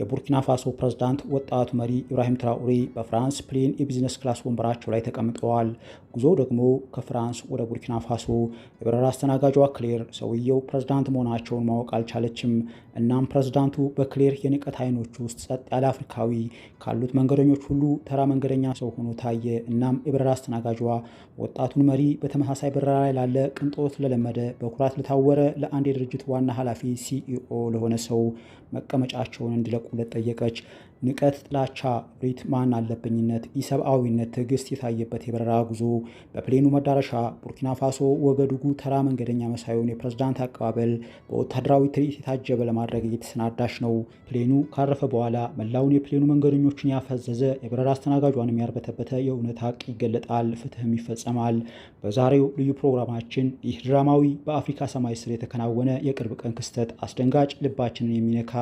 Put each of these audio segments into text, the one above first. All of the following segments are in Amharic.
የቡርኪና ፋሶ ፕሬዝዳንት ወጣቱ መሪ ኢብራሂም ትራኦሬ በፍራንስ ፕሌን የቢዝነስ ክላስ ወንበራቸው ላይ ተቀምጠዋል። ጉዞ ደግሞ ከፍራንስ ወደ ቡርኪና ፋሶ። የበረራ አስተናጋጇ ክሌር ሰውየው ፕሬዝዳንት መሆናቸውን ማወቅ አልቻለችም። እናም ፕሬዝዳንቱ በክሌር የንቀት አይኖች ውስጥ ጸጥ ያለ አፍሪካዊ ካሉት መንገደኞች ሁሉ ተራ መንገደኛ ሰው ሆኖ ታየ። እናም የበረራ አስተናጋጇ ወጣቱን መሪ በተመሳሳይ በረራ ላይ ላለ ቅንጦት ለለመደ በኩራት ለታወረ ለአንድ የድርጅት ዋና ኃላፊ ሲኢኦ ለሆነ ሰው መቀመጫቸውን እንዲለ እንድትለቁለት ጠየቀች። ንቀት፣ ጥላቻ፣ እብሪት፣ ማን አለብኝነት፣ ኢሰብአዊነት ትዕግስት የታየበት የበረራ ጉዞ በፕሌኑ መዳረሻ ቡርኪና ፋሶ ወገዱጉ ተራ መንገደኛ መሳዩን የፕሬዝዳንት አቀባበል በወታደራዊ ትርኢት የታጀበ ለማድረግ እየተሰናዳች ነው። ፕሌኑ ካረፈ በኋላ መላውን የፕሌኑ መንገደኞችን ያፈዘዘ የበረራ አስተናጋጇንም ያርበተበተ የእውነት ሀቅ ይገለጣል፣ ፍትህም ይፈጸማል። በዛሬው ልዩ ፕሮግራማችን ይህ ድራማዊ በአፍሪካ ሰማይ ስር የተከናወነ የቅርብ ቀን ክስተት አስደንጋጭ፣ ልባችንን የሚነካ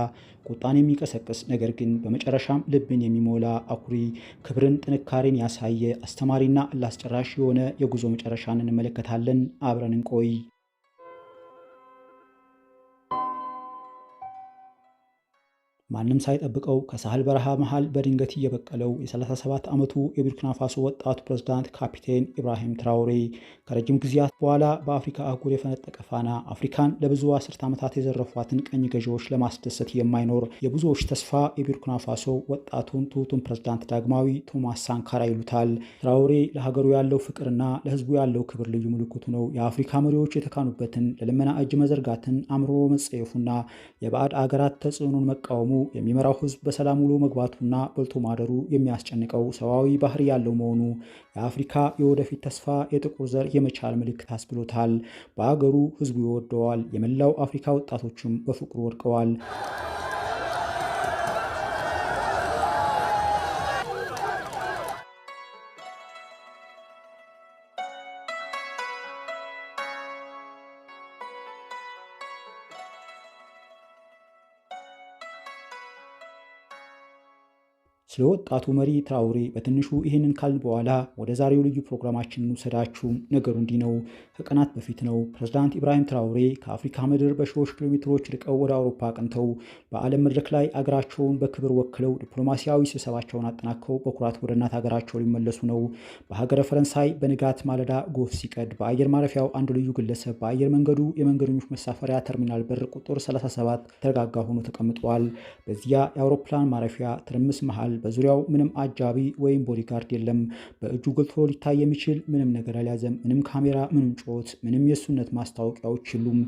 ቁጣን የሚቀሰቅስ ነገር ግን በመጨ በመጨረሻም ልብን የሚሞላ አኩሪ ክብርን፣ ጥንካሬን ያሳየ አስተማሪና ላስጨራሽ የሆነ የጉዞ መጨረሻን እንመለከታለን። አብረን እንቆይ። ማንም ሳይጠብቀው ከሳህል በረሃ መሃል በድንገት እየበቀለው የ37 ዓመቱ የቡርኪና ፋሶ ወጣቱ ፕሬዝዳንት ካፒቴን ኢብራሂም ትራውሬ ከረጅም ጊዜያት በኋላ በአፍሪካ አህጉር የፈነጠቀ ፋና አፍሪካን ለብዙ አስርት ዓመታት የዘረፏትን ቀኝ ገዢዎች ለማስደሰት የማይኖር የብዙዎች ተስፋ የቡርኪና ፋሶ ወጣቱን ትሁቱን ፕሬዝዳንት ዳግማዊ ቶማስ ሳንካራ ይሉታል። ትራውሬ ለሀገሩ ያለው ፍቅርና ለህዝቡ ያለው ክብር ልዩ ምልክቱ ነው። የአፍሪካ መሪዎች የተካኑበትን ለልመና እጅ መዘርጋትን አምሮ መጸየፉና የባዕድ አገራት ተጽዕኖን መቃወሙ የሚመራው ህዝብ በሰላም ውሎ መግባቱና በልቶ ማደሩ የሚያስጨንቀው ሰብአዊ ባህሪ ያለው መሆኑ የአፍሪካ የወደፊት ተስፋ የጥቁር ዘር የመቻል ምልክት አስብሎታል። በአገሩ ህዝቡ ይወደዋል። የመላው አፍሪካ ወጣቶችም በፍቅሩ ወድቀዋል። ስለ ወጣቱ መሪ ትራውሬ በትንሹ ይህንን ካልን በኋላ ወደ ዛሬው ልዩ ፕሮግራማችን እንውሰዳችሁ። ነገሩ እንዲህ ነው። ከቀናት በፊት ነው ፕሬዝዳንት ኢብራሂም ትራውሬ ከአፍሪካ ምድር በሺዎች ኪሎ ሜትሮች ርቀው ወደ አውሮፓ አቅንተው በዓለም መድረክ ላይ አገራቸውን በክብር ወክለው ዲፕሎማሲያዊ ስብሰባቸውን አጠናከው በኩራት ወደ እናት ሀገራቸው ሊመለሱ ነው። በሀገረ ፈረንሳይ በንጋት ማለዳ ጎህ ሲቀድ በአየር ማረፊያው አንድ ልዩ ግለሰብ በአየር መንገዱ የመንገደኞች መሳፈሪያ ተርሚናል በር ቁጥር 37 ተረጋጋ ሆኖ ተቀምጠዋል። በዚያ የአውሮፕላን ማረፊያ ትርምስ መሃል በዙሪያው ምንም አጃቢ ወይም ቦዲጋርድ የለም። በእጁ ጎልቶ ሊታይ የሚችል ምንም ነገር አልያዘም። ምንም ካሜራ፣ ምንም ጩኸት፣ ምንም የእሱነት ማስታወቂያዎች የሉም።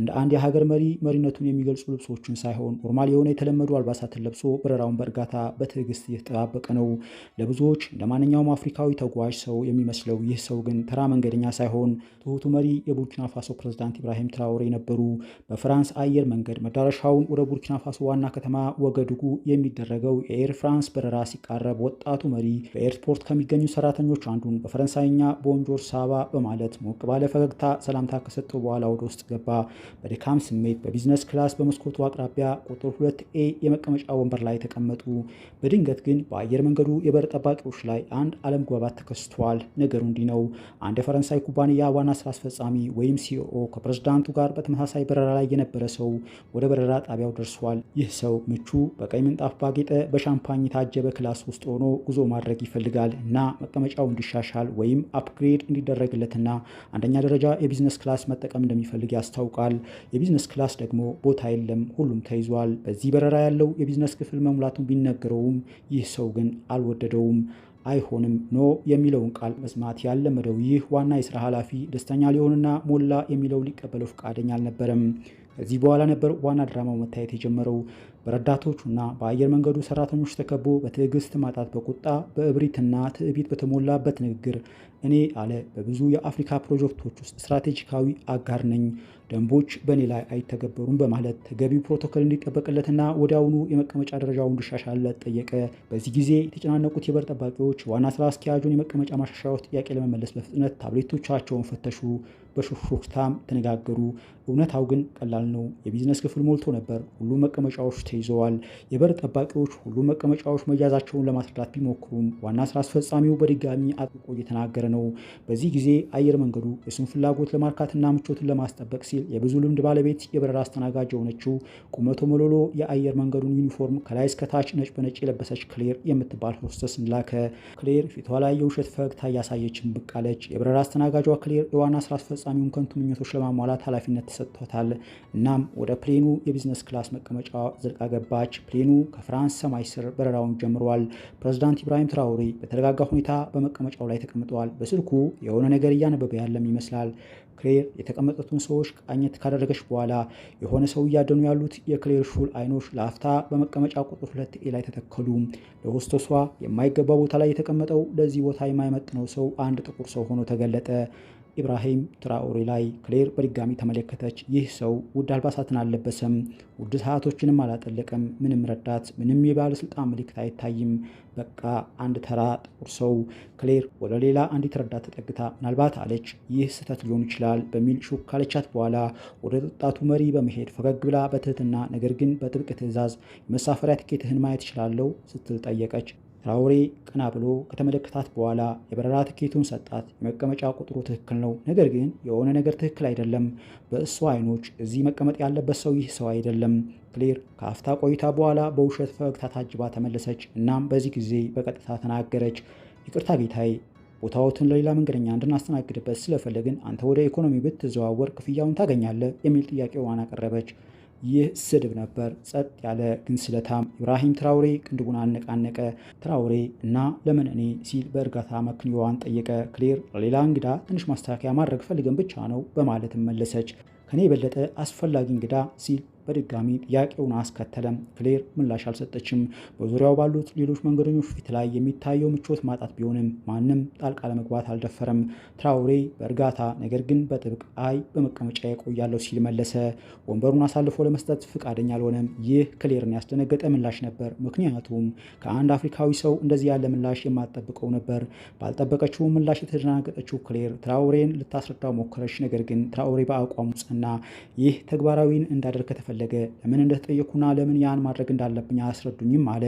እንደ አንድ የሀገር መሪ መሪነቱን የሚገልጹ ልብሶችን ሳይሆን ኖርማል የሆነ የተለመዱ አልባሳትን ለብሶ በረራውን በእርጋታ በትዕግስት እየተጠባበቀ ነው። ለብዙዎች እንደ ማንኛውም አፍሪካዊ ተጓዥ ሰው የሚመስለው ይህ ሰው ግን ተራ መንገደኛ ሳይሆን ትሁቱ መሪ የቡርኪና ፋሶ ፕሬዝዳንት ኢብራሂም ትራውሬ ነበሩ። በፍራንስ አየር መንገድ መዳረሻውን ወደ ቡርኪና ፋሶ ዋና ከተማ ወገድጉ የሚደረገው የኤር ፍራንስ በረራ ሲቃረብ ወጣቱ መሪ በኤርፖርት ከሚገኙ ሰራተኞች አንዱን በፈረንሳይኛ ቦንጆር ሳባ በማለት ሞቅ ባለ ፈገግታ ሰላምታ ከሰጠው በኋላ ወደ ውስጥ ገባ። በድካም ስሜት በቢዝነስ ክላስ በመስኮቱ አቅራቢያ ቁጥር ሁለት ኤ የመቀመጫ ወንበር ላይ ተቀመጡ። በድንገት ግን በአየር መንገዱ የበር ጠባቂዎች ላይ አንድ አለመግባባት ተከስቷል። ነገሩ እንዲህ ነው። አንድ የፈረንሳይ ኩባንያ ዋና ስራ አስፈጻሚ ወይም ሲኦ ከፕሬዝዳንቱ ጋር በተመሳሳይ በረራ ላይ የነበረ ሰው ወደ በረራ ጣቢያው ደርሷል። ይህ ሰው ምቹ በቀይ ምንጣፍ ባጌጠ በሻምፓኝ ታጅ በታጀበ ክላስ ውስጥ ሆኖ ጉዞ ማድረግ ይፈልጋል እና መቀመጫው እንዲሻሻል ወይም አፕግሬድ እንዲደረግለትና አንደኛ ደረጃ የቢዝነስ ክላስ መጠቀም እንደሚፈልግ ያስታውቃል። የቢዝነስ ክላስ ደግሞ ቦታ የለም፣ ሁሉም ተይዟል። በዚህ በረራ ያለው የቢዝነስ ክፍል መሙላቱን ቢነገረውም ይህ ሰው ግን አልወደደውም። አይሆንም ኖ የሚለውን ቃል መስማት ያለመደው ይህ ዋና የስራ ኃላፊ ደስተኛ ሊሆንና ሞላ የሚለው ሊቀበለው ፈቃደኛ አልነበረም። ከዚህ በኋላ ነበር ዋና ድራማው መታየት የጀመረው። በረዳቶቹና በአየር መንገዱ ሰራተኞች ተከቦ በትዕግስት ማጣት፣ በቁጣ በእብሪትና ትዕቢት በተሞላበት ንግግር እኔ አለ በብዙ የአፍሪካ ፕሮጀክቶች ውስጥ ስትራቴጂካዊ አጋር ነኝ ደንቦች በእኔ ላይ አይተገበሩም በማለት ተገቢው ፕሮቶኮል እንዲጠበቅለትና ወዲያውኑ የመቀመጫ ደረጃው እንዲሻሻልለት ጠየቀ። በዚህ ጊዜ የተጨናነቁት የበር ጠባቂዎች ዋና ስራ አስኪያጁን የመቀመጫ ማሻሻያዎች ጥያቄ ለመመለስ በፍጥነት ታብሌቶቻቸውን ፈተሹ። በሹክሹክታም ተነጋገሩ። እውነታው ግን ቀላል ነው። የቢዝነስ ክፍል ሞልቶ ነበር። ሁሉም መቀመጫዎች ተይዘዋል። የበር ጠባቂዎች ሁሉም መቀመጫዎች መያዛቸውን ለማስረዳት ቢሞክሩም ዋና ስራ አስፈጻሚው በድጋሚ አጥብቆ እየተናገረ ነው። በዚህ ጊዜ አየር መንገዱ የሱን ፍላጎት ለማርካትና ምቾትን ለማስጠበቅ ሲል ሲል የብዙ ልምድ ባለቤት የበረራ አስተናጋጅ የሆነችው ቁመቶ መሎሎ የአየር መንገዱን ዩኒፎርም ከላይ እስከታች ነጭ በነጭ የለበሰች ክሌር የምትባል ሆስተስ ላከ። ክሌር ፊቷ ላይ የውሸት ፈገግታ እያሳየችን ብቅ አለች። የበረራ አስተናጋጇ ክሌር የዋና ስራ አስፈጻሚውን ከንቱ ምኞቶች ለማሟላት ኃላፊነት ተሰጥቷታል። እናም ወደ ፕሌኑ የቢዝነስ ክላስ መቀመጫ ዘልቃ ገባች። ፕሌኑ ከፍራንስ ሰማይ ስር በረራውን ጀምሯል። ፕሬዚዳንት ኢብራሂም ትራውሬ በተረጋጋ ሁኔታ በመቀመጫው ላይ ተቀምጠዋል። በስልኩ የሆነ ነገር እያነበበ ያለም ይመስላል። ክሌር የተቀመጡትን ሰዎች ቃኘት ካደረገች በኋላ የሆነ ሰው እያደኑ ያሉት የክሌር ሹል አይኖች ለአፍታ በመቀመጫ ቁጥር ሁለት ኤ ላይ ተተከሉ። ለሆስተሷ የማይገባ ቦታ ላይ የተቀመጠው ለዚህ ቦታ የማይመጥነው ሰው አንድ ጥቁር ሰው ሆኖ ተገለጠ። ኢብራሂም ትራኦሬ ላይ ክሌር በድጋሚ ተመለከተች። ይህ ሰው ውድ አልባሳትን አልለበሰም፣ ውድ ሰዓቶችንም አላጠለቀም። ምንም ረዳት፣ ምንም የባለስልጣን ምልክት አይታይም። በቃ አንድ ተራ ጥቁር ሰው። ክሌር ወደ ሌላ አንዲት ረዳት ተጠግታ ምናልባት አለች፣ ይህ ስህተት ሊሆን ይችላል በሚል ሹክ ካለቻት በኋላ ወደ ወጣቱ መሪ በመሄድ ፈገግ ብላ በትህትና ነገር ግን በጥብቅ ትዕዛዝ የመሳፈሪያ ትኬትህን ማየት እችላለሁ ስትል ጠየቀች። ትራውሬ ቀና ብሎ ከተመለከታት በኋላ የበረራ ትኬቱን ሰጣት። የመቀመጫ ቁጥሩ ትክክል ነው፣ ነገር ግን የሆነ ነገር ትክክል አይደለም። በእሱ አይኖች እዚህ መቀመጥ ያለበት ሰው ይህ ሰው አይደለም። ክሌር ከአፍታ ቆይታ በኋላ በውሸት ፈገግታ ታጅባ ተመለሰች። እናም በዚህ ጊዜ በቀጥታ ተናገረች። ይቅርታ ጌታዬ፣ ቦታዎትን ለሌላ መንገደኛ እንድናስተናግድበት ስለፈለግን አንተ ወደ ኢኮኖሚ ብትዘዋወር ክፍያውን ታገኛለህ የሚል ዋን አቀረበች። ይህ ስድብ ነበር። ጸጥ ያለ ግን ስለታም። ኢብራሂም ትራውሬ ቅንድቡን አነቃነቀ። ትራውሬ እና ለምን እኔ ሲል በእርጋታ መክንዮዋን ጠየቀ። ክሌር ለሌላ እንግዳ ትንሽ ማስተካከያ ማድረግ ፈልገን ብቻ ነው በማለትም መለሰች። ከኔ የበለጠ አስፈላጊ እንግዳ ሲል በድጋሚ ጥያቄውን አስከተለም። ክሌር ምላሽ አልሰጠችም። በዙሪያው ባሉት ሌሎች መንገደኞች ፊት ላይ የሚታየው ምቾት ማጣት ቢሆንም ማንም ጣልቃ ለመግባት አልደፈረም። ትራውሬ በእርጋታ ነገር ግን በጥብቅ አይ በመቀመጫ የቆያለው ሲል መለሰ። ወንበሩን አሳልፎ ለመስጠት ፍቃደኛ አልሆነም። ይህ ክሌርን ያስደነገጠ ምላሽ ነበር። ምክንያቱም ከአንድ አፍሪካዊ ሰው እንደዚህ ያለ ምላሽ የማትጠብቀው ነበር። ባልጠበቀችው ምላሽ የተደናገጠችው ክሌር ትራውሬን ልታስረዳው ሞከረች። ነገር ግን ትራውሬ በአቋሙ ጸና። ይህ ተግባራዊን እንዳደርግ ከተፈ ፈለገ ለምን እንደተጠየኩና ለምን ያን ማድረግ እንዳለብኝ አያስረዱኝም አለ።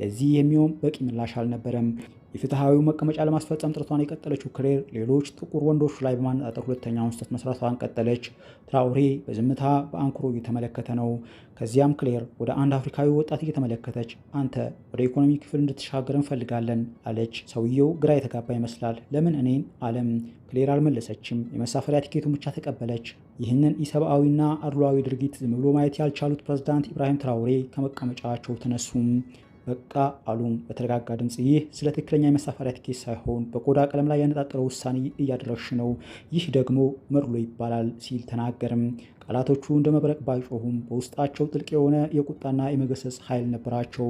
ለዚህ የሚሆን በቂ ምላሽ አልነበረም። የፍትሐዊው መቀመጫ ለማስፈጸም ጥረቷን የቀጠለችው ክሌር ሌሎች ጥቁር ወንዶች ላይ በማነጣጠር ሁለተኛውን ስህተት መስራቷን ቀጠለች። ትራውሬ በዝምታ በአንክሮ እየተመለከተ ነው። ከዚያም ክሌር ወደ አንድ አፍሪካዊ ወጣት እየተመለከተች አንተ ወደ ኢኮኖሚ ክፍል እንድትሻገር እንፈልጋለን አለች። ሰውየው ግራ የተጋባ ይመስላል። ለምን እኔን? አለም። ክሌር አልመለሰችም። የመሳፈሪያ ቲኬቱን ብቻ ተቀበለች። ይህንን ኢሰብአዊና አድሏዊ ድርጊት ዝም ብሎ ማየት ያልቻሉት ፕሬዚዳንት ኢብራሂም ትራውሬ ከመቀመጫቸው ተነሱም። በቃ አሉም በተረጋጋ ድምፅ። ይህ ስለ ትክክለኛ የመሳፈሪያ ትኬት ሳይሆን በቆዳ ቀለም ላይ ያነጣጠረው ውሳኔ እያደረግሽ ነው፣ ይህ ደግሞ መድሎ ይባላል ሲል ተናገርም። ቃላቶቹ እንደ መብረቅ ባይጮሁም በውስጣቸው ጥልቅ የሆነ የቁጣና የመገሰጽ ኃይል ነበራቸው።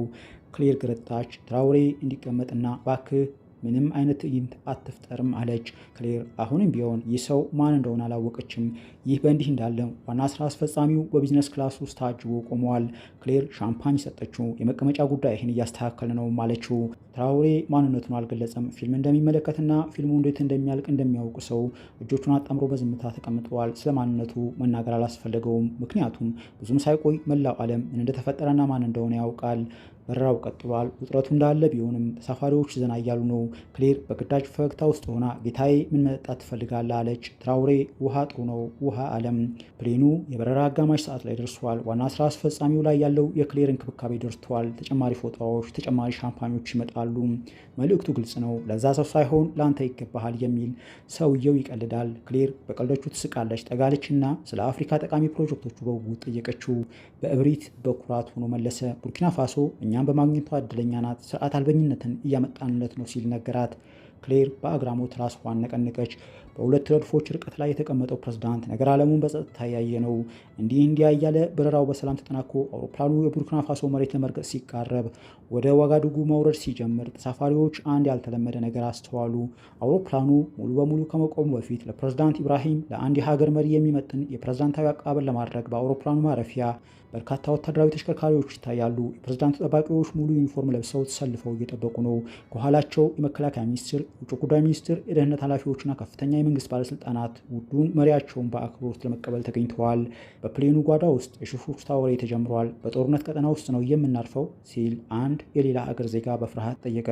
ክሌር ግረጣች። ትራውሬ እንዲቀመጥና ባክህ ምንም አይነት ትዕይንት አትፍጠርም አለች። ክሌር አሁንም ቢሆን ይህ ሰው ማን እንደሆነ አላወቀችም። ይህ በእንዲህ እንዳለ ዋና ስራ አስፈጻሚው በቢዝነስ ክላስ ውስጥ ታጅቦ ቆመዋል። ክሌር ሻምፓኝ ሰጠችው። የመቀመጫ ጉዳይ ይህን እያስተካከል ነው ማለችው። ትራውሬ ማንነቱን አልገለጸም። ፊልም እንደሚመለከትና ፊልሙ እንዴት እንደሚያልቅ እንደሚያውቅ ሰው እጆቹን አጣምሮ በዝምታ ተቀምጠዋል። ስለ ማንነቱ መናገር አላስፈለገውም። ምክንያቱም ብዙም ሳይቆይ መላው ዓለም ምን እንደተፈጠረና ማን እንደሆነ ያውቃል። በረራው ቀጥሏል። ውጥረቱ እንዳለ ቢሆንም ተሳፋሪዎች ዘና እያሉ ነው። ክሌር በግዳጅ ፈገግታ ውስጥ ሆና ጌታዬ ምን መጠጣት ትፈልጋለ? አለች። ትራውሬ ውሃ ጥሩ ነው ውሃ አለም። ፕሌኑ የበረራ አጋማሽ ሰዓት ላይ ደርሷል። ዋና ስራ አስፈጻሚው ላይ ያለው የክሌር እንክብካቤ ደርቷል። ተጨማሪ ፎጣዎች፣ ተጨማሪ ሻምፓኞች ይመጣሉ። መልእክቱ ግልጽ ነው። ለዛ ሰው ሳይሆን ለአንተ ይገባሃል የሚል ሰውየው ይቀልዳል። ክሌር በቀልዶቹ ትስቃለች። ጠጋለች እና ስለ አፍሪካ ጠቃሚ ፕሮጀክቶቹ በውቡ ጠየቀችው። በእብሪት በኩራት ሆኖ መለሰ። ቡርኪና ፋሶ እኛ እኛም በማግኘቷ እድለኛ ናት፣ ስርዓት አልበኝነትን እያመጣንለት ነው ሲል ነገራት። ክሌር በአግራሞት ራስዋን ነቀነቀች። በሁለት ረድፎች ርቀት ላይ የተቀመጠው ፕሬዝዳንት ነገር አለሙን በጸጥታ ያየ ነው። እንዲህ እንዲያ እያለ በረራው በሰላም ተጠናኮ አውሮፕላኑ የቡርኪና ፋሶ መሬት ለመርገጥ ሲቃረብ ወደ ዋጋዱጉ መውረድ ሲጀምር ተሳፋሪዎች አንድ ያልተለመደ ነገር አስተዋሉ። አውሮፕላኑ ሙሉ በሙሉ ከመቆሙ በፊት ለፕሬዝዳንት ኢብራሂም ለአንድ የሀገር መሪ የሚመጥን የፕሬዝዳንታዊ አቀባበል ለማድረግ በአውሮፕላኑ ማረፊያ በርካታ ወታደራዊ ተሽከርካሪዎች ይታያሉ። የፕሬዝዳንቱ ጠባቂዎች ሙሉ ዩኒፎርም ለብሰው ተሰልፈው እየጠበቁ ነው። ከኋላቸው የመከላከያ ሚኒስትር፣ የውጭ ጉዳይ ሚኒስትር፣ የደህንነት ኃላፊዎችና ከፍተኛ የመንግስት ባለስልጣናት ውዱን መሪያቸውን በአክብሮት ለመቀበል ተገኝተዋል። በፕሌኑ ጓዳ ውስጥ የሹክሹክታ ወሬ ተጀምሯል። በጦርነት ቀጠና ውስጥ ነው የምናርፈው ሲል አንድ የሌላ አገር ዜጋ በፍርሃት ጠየቀ።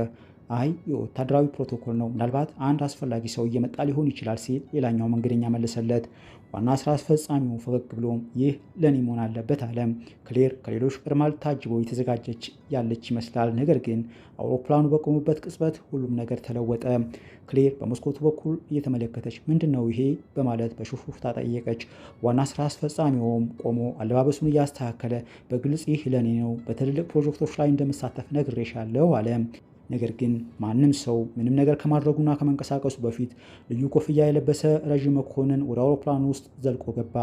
አይ የወታደራዊ ፕሮቶኮል ነው፣ ምናልባት አንድ አስፈላጊ ሰው እየመጣ ሊሆን ይችላል ሲል ሌላኛው መንገደኛ መለሰለት። ዋና ስራ አስፈጻሚው ፈገግ ብሎ ይህ ለእኔ መሆን አለበት አለም። ክሌር ከሌሎች ቀድማ ታጅበው የተዘጋጀች ያለች ይመስላል። ነገር ግን አውሮፕላኑ በቆሙበት ቅጽበት ሁሉም ነገር ተለወጠ። ክሌር በመስኮቱ በኩል እየተመለከተች ምንድን ነው ይሄ በማለት በሹፉፍታ ጠየቀች። ዋና ስራ አስፈጻሚውም ቆሞ አለባበሱን እያስተካከለ በግልጽ ይህ ለእኔ ነው፣ በትልልቅ ፕሮጀክቶች ላይ እንደምሳተፍ ነግሬሻለሁ አለ። ነገር ግን ማንም ሰው ምንም ነገር ከማድረጉና ከመንቀሳቀሱ በፊት ልዩ ኮፍያ የለበሰ ረዥም መኮንን ወደ አውሮፕላኑ ውስጥ ዘልቆ ገባ።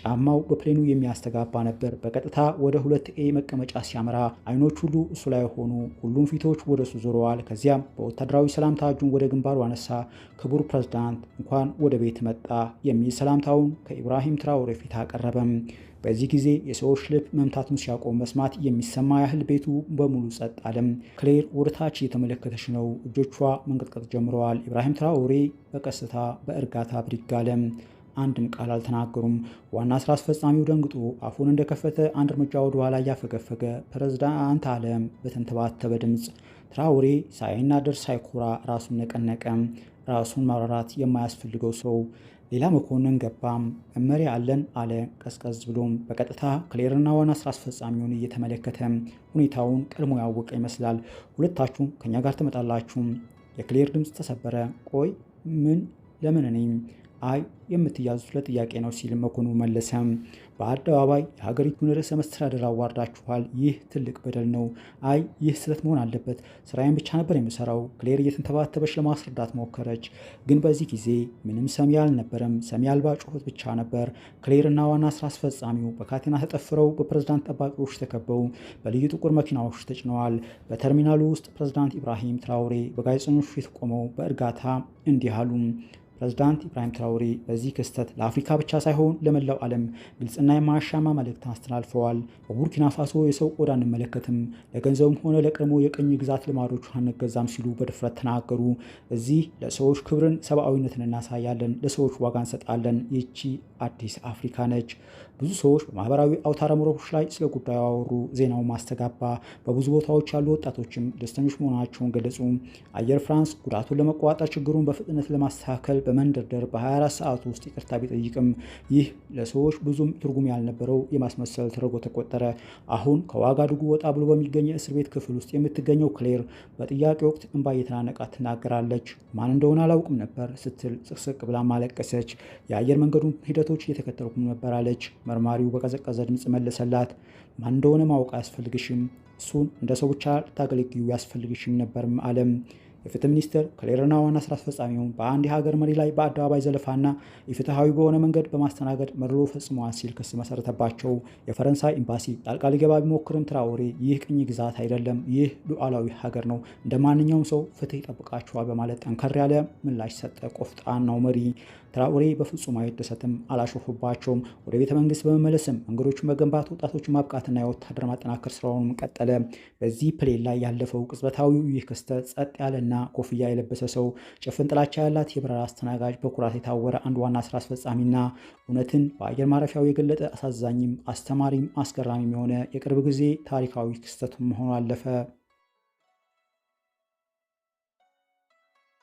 ጫማው በፕሌኑ የሚያስተጋባ ነበር። በቀጥታ ወደ ሁለት ኤ መቀመጫ ሲያመራ አይኖች ሁሉ እሱ ላይ ሆኑ። ሁሉም ፊቶች ወደ እሱ ዞረዋል። ከዚያም በወታደራዊ ሰላምታ እጁን ወደ ግንባሩ አነሳ። ክቡር ፕሬዝዳንት፣ እንኳን ወደ ቤት መጣ የሚል ሰላምታውን ከኢብራሂም ትራውሬ ፊት አቀረበም። በዚህ ጊዜ የሰዎች ልብ መምታቱን ሲያቆም መስማት የሚሰማ ያህል ቤቱ በሙሉ ጸጥ አለም። ክሌር ወደታች እየተመለከተች ነው። እጆቿ መንቀጥቀጥ ጀምረዋል። ኢብራሂም ትራኦሬ በቀስታ በእርጋታ ብድግ አለ። አንድም ቃል አልተናገሩም። ዋና ስራ አስፈጻሚው ደንግጦ አፉን እንደከፈተ አንድ እርምጃ ወደ ኋላ እያፈገፈገ ፕሬዝዳንት አለም በተንተባተበ ድምፅ። ትራኦሬ ሳይናደር ሳይኩራ ራሱን ነቀነቀ። ራሱን ማብራራት የማያስፈልገው ሰው ሌላ መኮንን ገባም። መመሪ አለን አለ ቀዝቀዝ ብሎም በቀጥታ ክሌርና ዋና ስራ አስፈጻሚውን እየተመለከተ ሁኔታውን ቀድሞ ያወቀ ይመስላል። ሁለታችሁ ከኛ ጋር ትመጣላችሁ። የክሌር ድምፅ ተሰበረ። ቆይ ምን? ለምን? እኔ አይ የምትያዙት ለጥያቄ ነው ሲል መኮኑ መለሰ። በአደባባይ የሀገሪቱን ርዕሰ መስተዳደር አዋርዳችኋል። ይህ ትልቅ በደል ነው። አይ ይህ ስህተት መሆን አለበት። ስራዬን ብቻ ነበር የምሰራው። ክሌር እየተንተባተበች ለማስረዳት ሞከረች። ግን በዚህ ጊዜ ምንም ሰሚ አልነበረም። ሰሚ አልባ ጩኸት ብቻ ነበር። ክሌርና ዋና ስራ አስፈጻሚው በካቴና ተጠፍረው በፕሬዝዳንት ጠባቂዎች ተከበው በልዩ ጥቁር መኪናዎች ተጭነዋል። በተርሚናሉ ውስጥ ፕሬዝዳንት ኢብራሂም ትራውሬ በጋዜጠኞች ፊት ቆመው በእርጋታ እንዲህ አሉ። ፕሬዝዳንት ኢብራሂም ትራውሬ በዚህ ክስተት ለአፍሪካ ብቻ ሳይሆን ለመላው ዓለም ግልጽና የማያሻማ መልእክት አስተላልፈዋል። በቡርኪና ፋሶ የሰው ቆዳ አንመለከትም፣ ለገንዘቡም ሆነ ለቀድሞ የቅኝ ግዛት ልማዶች አንገዛም ሲሉ በድፍረት ተናገሩ። እዚህ ለሰዎች ክብርን፣ ሰብአዊነትን እናሳያለን፣ ለሰዎች ዋጋ እንሰጣለን። ይቺ አዲስ አፍሪካ ነች። ብዙ ሰዎች በማህበራዊ አውታረ መረቦች ላይ ስለ ጉዳዩ አወሩ፣ ዜናው ማስተጋባ። በብዙ ቦታዎች ያሉ ወጣቶችም ደስተኞች መሆናቸውን ገለጹ። አየር ፍራንስ ጉዳቱን ለመቆጣጠር ችግሩን በፍጥነት ለማስተካከል በመንደርደር በ24 ሰዓት ውስጥ ይቅርታ ቢጠይቅም ይህ ለሰዎች ብዙም ትርጉም ያልነበረው የማስመሰል ተደርጎ ተቆጠረ። አሁን ከዋጋዱጉ ወጣ ብሎ በሚገኝ የእስር ቤት ክፍል ውስጥ የምትገኘው ክሌር በጥያቄ ወቅት እንባ እየተናነቃት ትናገራለች። ማን እንደሆነ አላውቅም ነበር ስትል ስቅስቅ ብላ ማለቀሰች። የአየር መንገዱን ሂደቶች እየተከተልኩ ነበራለች። መርማሪው በቀዘቀዘ ድምፅ መለሰላት። ማን እንደሆነ ማወቅ አያስፈልግሽም፣ እሱን እንደ ሰው ብቻ ልታገለግዩ ያስፈልግሽም ነበርም አለም። የፍትህ ሚኒስትር ክሌርና ዋና ስራ አስፈጻሚውን በአንድ የሀገር መሪ ላይ በአደባባይ ዘለፋና የፍትሐዊ በሆነ መንገድ በማስተናገድ መድሎ ፈጽሟል ሲል ክስ መሰረተባቸው። የፈረንሳይ ኤምባሲ ጣልቃ ሊገባ ቢሞክርም ትራውሬ ይህ ቅኝ ግዛት አይደለም፣ ይህ ሉዓላዊ ሀገር ነው፣ እንደ ማንኛውም ሰው ፍትህ ይጠብቃቸዋል በማለት ጠንከር ያለ ምላሽ ሰጠ። ቆፍጣን ነው መሪ ትራኦሬ በፍጹም አይደሰትም፣ አላሾፉባቸውም። ወደ ቤተ መንግስት በመመለስም መንገዶችን መገንባት፣ ወጣቶችን ማብቃትና የወታደር ማጠናከር ስራውንም ቀጠለ። በዚህ ፕሌን ላይ ያለፈው ቅጽበታዊው ይህ ክስተት ጸጥ ያለና ኮፍያ የለበሰ ሰው ጭፍን ጥላቻ ያላት የበረራ አስተናጋጅ በኩራት የታወረ አንድ ዋና ስራ አስፈጻሚና እውነትን በአየር ማረፊያው የገለጠ አሳዛኝም አስተማሪም አስገራሚም የሆነ የቅርብ ጊዜ ታሪካዊ ክስተት መሆኑ አለፈ።